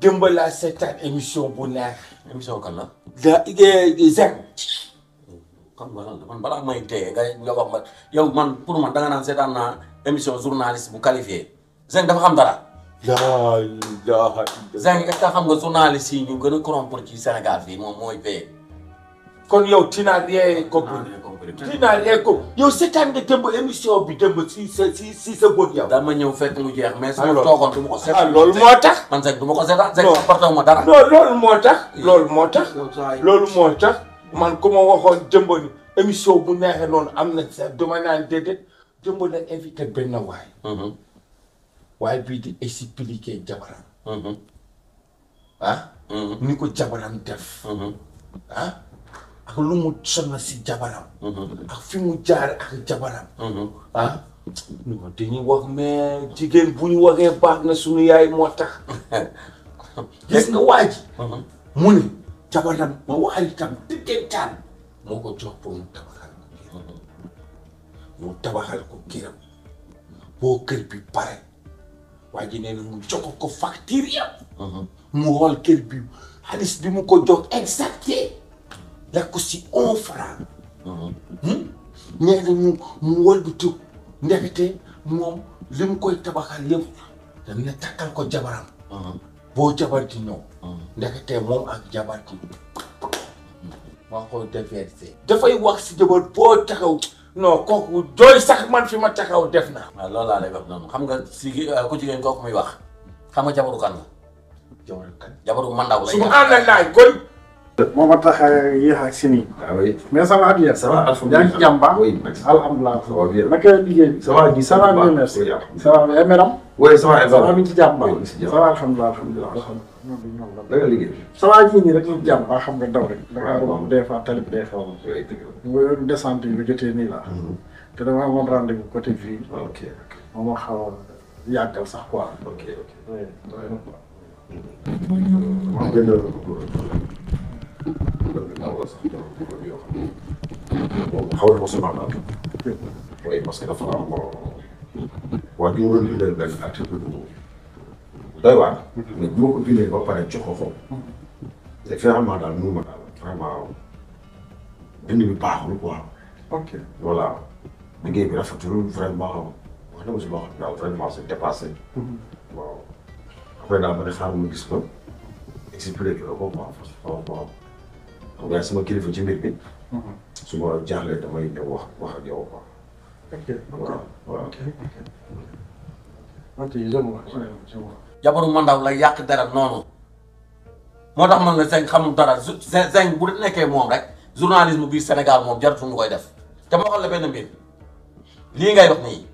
démb laa seetaan émission bu neex. émission kan la. da Zeng. kon man balaa may téye nga yow man pour man danga naan seetaan naa émission journaliste bu qualifié Zeng dafa xam dara. yaa yaa. Zeng est-ce que xam nga journaliste yi ñu gën a corrompre ci Sénégal fii moom mooy paye. kon yow Thénardier Thénardier ko yow seetaan nga démb émission bi démb si sa si si sa bët yow. dama ñëw fekk mu jeex mais. sa toogoon du ma ko seetaan. Ah, loolu moo tax. man sax du ma ko seetaan sax apporté moo tax. loolu moo tax. loolu moo tax man ku ma waxoon démb ni émission bu neexee noonu am na sax dama naan déedéet démb la invité benn waay. Mhm. waaye bii di expliquer jabaram. Mhm. Ah? Mhm. ni ko jabaram def. Ah? ak lu mu sonn si jabaram. Mhm. ak fi mu jaar ak jabaram. Mhm. ah non dañuy wax mais jigéen bu ñu waxee baax na sunu yaay moo tax. gis nga waa ji. Mhm. mu ne jabaram ma waxal itam diggantaan moo ko jox pour mu tabaxal ko këram. boo kër bi pare waa nee na mu jox ko facture mu xool kër bi xaalis bi mu ko jox exacté. lekk ko si un franc. nee na mu mu wëlbatu ndekete moom li mu koy tabaxal yëpp dañ ne takkal ko jabaram. boo jabar ji ñëw. ndekete moom ak jabar ji. maa koy déversé. dafay wax si jabar boo taxaw. non kooku doy sax man fi ma taxaw def na. waaw ah, loolu laa lay wax noonu xam nga si ah, ku jigéen kooku muy wax xam nga jabaru kan jabaru kan la. su ma àndal moo ma tax a yéex ak si nii. Ah mais ça va bien. ça va alhamdulilah yaa ngi ci jàmm baax. oui alhamdulilah. ça va bien naka liggéey bi. ça va bien ça va bien merci. ça va bien meram. oui ça va bien ça va mi ci jàmm baax. ça va alhamdulilah alhamdulilah. da nga liggéey. ça va ji nii rek ñu jàmm baax xam nga daw rek. Ah, da ngaa romb des fois talib day xew. mooy descente yi lu jotee nii la. Mhm. te dama amoon rendez-vous côté fii. ok moom moo xaw a yàggal sax quoi. ok ok. الاول استخدمه الكهربي ومحاولة مصنع الأمن وأي مسكنة فرع الله ودور إلى البنات بالنور دايوا نجمو بيني بابا نجحو خو فعلا دال نوما دال فريمون bind bi baaxul quoi. ok voilà liggéey bi rafetul vraiment wax na ma si loo xam daal vraiment c'est dépassé. waaw après daal ma ne xaaral ma gis ko expliqué ko quoi yaay sama kilifa ci mbir bi. Mhm. su ma jaaxlee damay ñëw wax wax ak yow quoi. jabaru mandaw la yàq dara noonu moo tax man la Zeng xamul dara Zeng bu nekkee moom rek journalisme bi Sénégal moom jaratu ñu koy def te ma xool la benn mbir lii ngay wax nii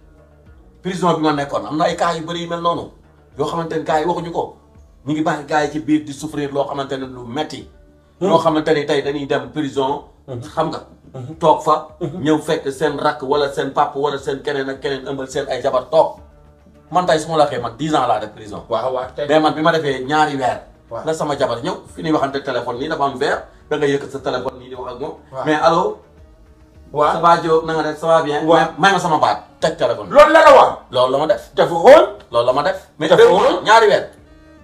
prison bi nga nekkoon am na ay kaa yu bëri yu mel noonu yoo xamante ne gars yi waxuñu ko ñu ngi bàyyi gars yi ci biir di souffrir loo xamante ne lu metti ñoo xamante ni tey dañuy dem prison. xam nga. toog fa. ñëw fekk seen rakk wala seen pap wala seen keneen ak keneen ëmbal seen ay jabar toog man tey su la waxee man dix ans laa def prison. waaw waaw tey mais man bi ma defee ñaari weer. la sama jabar ñëw fi ñuy waxante téléphone nii dafa am weer da yëkkat sa téléphone nii di wax ak moom. mais allo. waaw ça va Diop na nga def ça va bien. waaw may ma sama baat teg téléphone. lool la la wax. loolu la ma def. dafa xooñ. lool la ma def. mais dafa xooñ ñaari weer.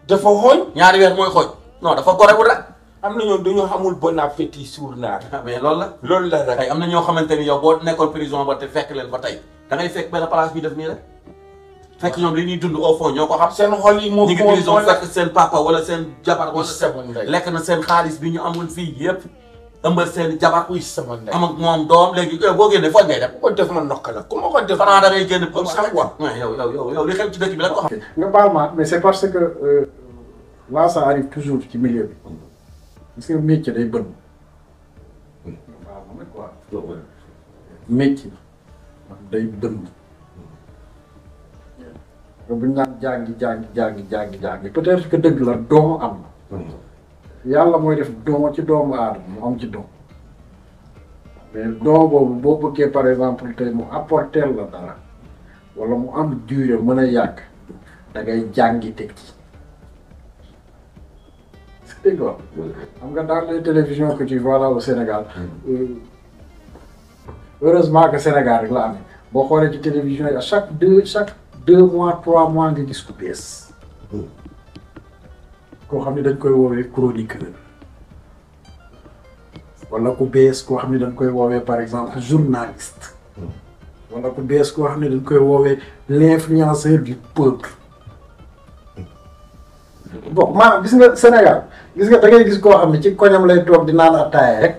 dafa xooñ. ñaari weer mooy xooñ. non dafa gore bu rek. am na ñoom dañoo xamul bon appétit suur naar. Ah, loolu la. loolu la nag am na ñoo xamante ni yow boo nekkoon prison ba te fekk leen ba tey da ngay fekk benn place bi def nii rek. fekk ñoom li ñuy dund au fond ñoo ko xam. seen xol yi moo ñu ngi prison fekk seen papa wala seen jabar wala seen. lekk na seen xaalis bi ñu amul fii yëpp. ëmbal seen jabar. uy sama ndey am ak moom doom léegi eh, boo génnee fooñ ngay def. ku ko def ma nokk la ku ma ko def. xanaa da génn pour sax ko xam. que là euh, ça arrive toujours gis nga métier day bën. métier day bën. bu naan jàngi jàngi jàngi jàngi jàngi peut-être dëgg la don am na. Mm. yàlla mooy def don ci doomu aadama mu am ci don. mais don boobu boo bëggee par exemple tey mu apporter la dara wala mu am durée mën a yàgg da jàngi teg ci. dégg nga xam nga dans les télévisions que tu vois Sénégal heureusement que Sénégal rek la amee boo xoolee ci télévision yi chaque deux chaque deux mois trois mois nga gis ku bees hmm. koo xam ne dañ koy woowee chroniqueur wala ku bees koo xam ne dañ koy woowee par exemple journaliste hmm. wala ku bees koo xam ne dañ koy woowee l'influenceur du peuple bon maa gis nga Sénégal gis nga da ngay gis koo xam ne ci koñam lay toog di naan ataaya rek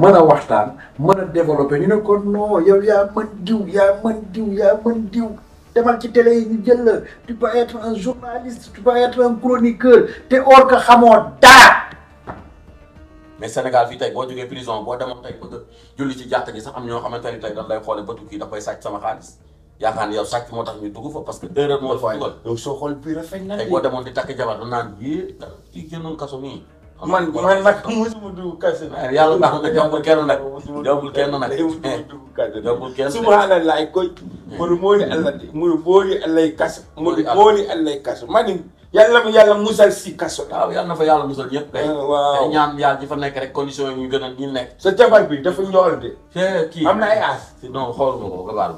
mën a waxtaan mën a développé ñu ne ko non yow yaa mën diw yaa mën diw yaa mën diw demal ci télé yi ñu jël la tu peux être un journaliste tu peux être chroniqueur te or que xamoo dara. mais Sénégal fii tey boo jógee prison boo demoon tey bëgg julli ci jàtt gi sax am ñoo xamante ni tey dañ lay xoolee bëtu kii da koy sama xaalis. yaakaar ne yow sàcc moo tax ñu dugg fa parce que erreur moo fa dugal donc soo xool biir rafet na tey boo demoon di takk jabar naan yii kii génnoon kaso nii man man yàlla na jombul kenn mu yàlla musal si kaso waaw yàlla na fa yàlla musal ñëpp kay ah, waaw nekk rek condition yi ñu gën a ñu nekk sa jabar bi dafa ñool de kii am na ay aas non xool ma ko nga baal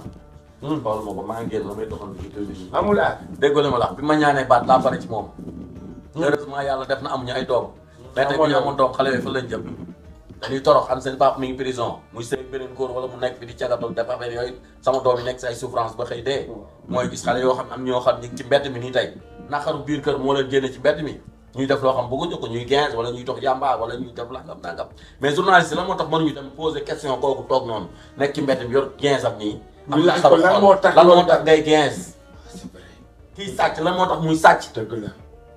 noonu baalu ma ko maa ngi génn la may doxal bi ma la ma ñaanee baat laa pare ci moom. Hmm. heureusement yàlla def na amuñu ay doom. Hmm. mais tey bu ñu amoon doom xale yooyu fa lañ jëm. dañuy torox am wala mu nekk fi di cagatoog dafa affaire yooyu sama doom yi nekk si ay souffrance ba xëy dee. Hmm. mooy gis xale yoo xam am ñoo xam ñu ci mbedd mi nii tey naqaru biir kër moo leen génne ci mbedd mi. ñuy def loo xam bëgguñu ko ñuy gàncax wala ñuy dox jàmbaar wala ñuy def langam nangam mais journaliste la moo tax mënuñu dem poser question kooku toog noonu nekk ci mbedd mi yor nii am na xol lan moo tax lan moo tax ngay gens kii sàcc lan moo tax muy sàcc dëgg la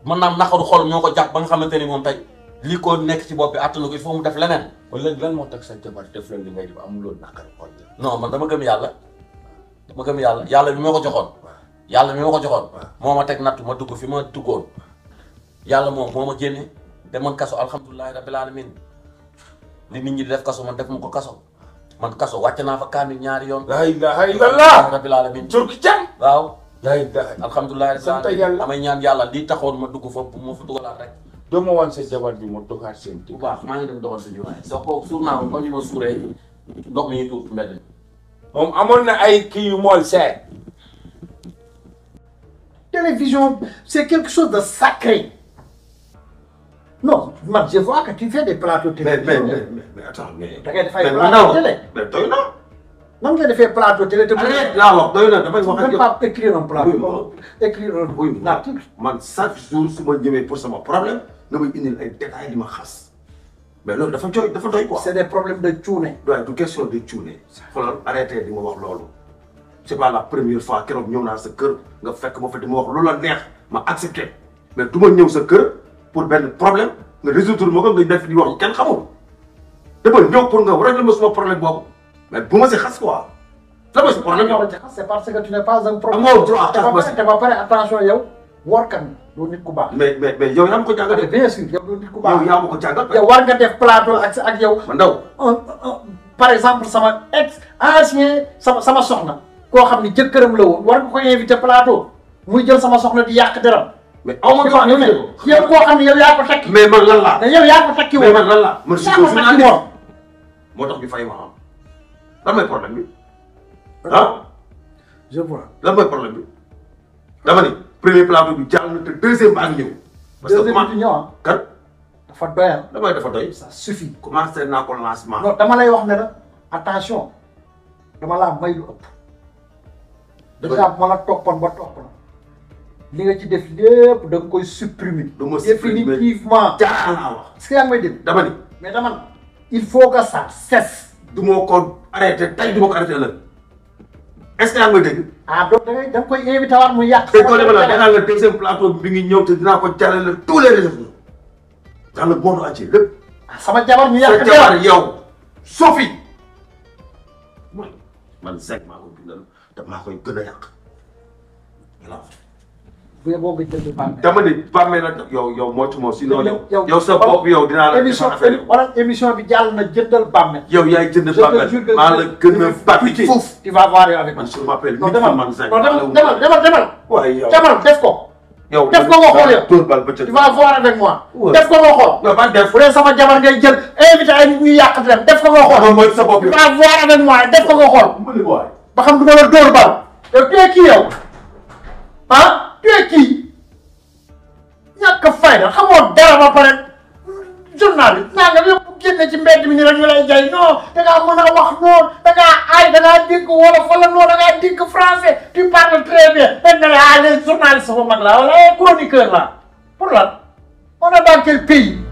mën naa am naxaru xol ñoo ko jàpp ba nga xamante ni moom tey lii ko nekk ci bopp bi attanu ko il faut mu def leneen wala lan moo tax sa jabar def li ngay def amul loolu naqaru xol non man dama gëm yàlla dama gëm yàlla yàlla bi ma ko joxoon yàlla bi ma ko joxoon moo ma teg nattu ma dugg fi ma duggoon yàlla moom moo ma génne demoon kaso rab rabil alamin li nit ñi di def kaso man def ma ko kaso man kaso wàcc naa fa kaamil ñaari yoon. la ilaha illallah rabbil alamin turki jàng waaw. la ilaha alhamdulilah sant yàlla amay ñaan yàlla lii taxoon ma dugg foofu moo fa dugalaat rek. doo ma wan sa jabar bi ma doxaat seen. bu baax maa ngi dem doxal sa jiwaay. soo ko suur naa ko comme ni ma suuree ndox mi ñu tuur mbedd. moom amoon na ay kii yu mool seet. télévision quelque chose de sacré. non man je vois que tu fais des plateaux télé. mais mais doy na. nan nga defee plateau télé te. allez laa wax doy na damay wax ak yow pas écrire un plateau. écrire un oui man chaque jour su ma ñëwee pour sama problème na may indil ay détails di ma xas mais loolu dafa jooy dafa doy ko c' est des problèmes de cuune. waaye du question de cuune. ma wax loolu. c' est fois keroog ñëw naa sa kër nga fekk ma fa di ma wax loola neex ma accepté mais du ma ñëw sa kër. pour benn problème nga résoudre ma ko nga def di wax ñu kenn xamul dafa ñëw pour nga régler ma suma problème boobu mais bu ma si xas quoi. la ma si c'est parce que tu n'es pas un problème. amoo droit xas ba pare attention baax. mais mais mais yow ma ko jàngal. Ah, bien sûr yow doo nit ku baax yow ko jàngal. yow war nga def plateau ak ak yow. man par exemple sama ex ancien sama sama soxna. koo xam ne jëkkëram la woon war nga ko invité plateau muy jël sama soxna di yàq dara. mais aw ma droit ne ko yow koo xam ne yow yaa ko takki. mais man lan laa. te yaa ko takki woon. mais man lan laa man surtout su naan moom. moo tax ñu fay ma am ah. lan mooy problème bi ah. ah. je vois lan mooy problème bi dama ne premier plateau bi jàll na te deuxième ba ak ñëw. parce que comment deuxième bi ñëw kat. dafa doyal damay dafa doy. ça suffit commencé naa ko lancement. dama lay wax ne attention dama laa may lu ëpp. dëgg la déjà ma la toppoon ba topp la. li nga ci def lépp da nga koy supprimer. du ma supprimer définitivement. jaaxal wax. si yaa ngi may mais dama il faut que ça cesse. du ma ko arrêté tey du ma ko arrêté ëllëg est ce que yaa ngi may dégg. ah donc da ngay koy invité mu yàq. tey koo demee nag nee naa plateau bi ngi ñëw te naa ko jàllale tous a réseaux dans lépp. Ah, sama jabar ñu yàq sa jabar koy gën a yàq. bu boo nga jël bàmmeel dama ne bàmmeel nag yow yow moo ci moo si noonu yow yow sa bopp yow dinaa la émission wala émission bi jàll na jëndal bàmmeel yow yaay jënd bàmmeel maa la gën a bàmmeel foofu tu vas voir yow avec man je m'appelle non demal demal demal waaye yow demal def ko yow def ko nga xool yow dóor bal ba ca tu vas voir avec moi def ko nga xool yow man def bu dee sama jabar ngay jël invité ay nit ñuy yàq dem def ko nga xool mooy sa bopp yow tu vas voir avec moi def ko nga xool ba xam du ma la dóor bal yow kii yow ah tu es qui ñàkk fayda xamoo dara ba pare journal bi naa nga yëpp mi ni rek ñu lay jay a wax noonu da ngaa aay da ngaa dégg wolof wala noonu da ngaa dégg français tu parles très bien dañ ne la ah les journalistes bu mag la wala la pour lan on est